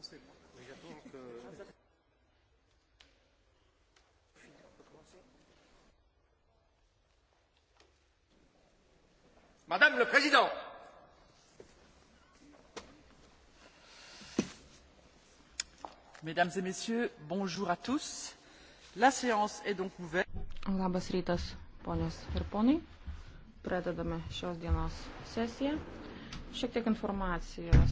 commencer, moi. Mais j'attends que... Madame le Président, Mesdames et Messieurs, bonjour à tous. La séance est donc ouverte. Labas rytas, ponios ir ponai. Pradedame šios dienos sesiją. Šiek tiek informacijos.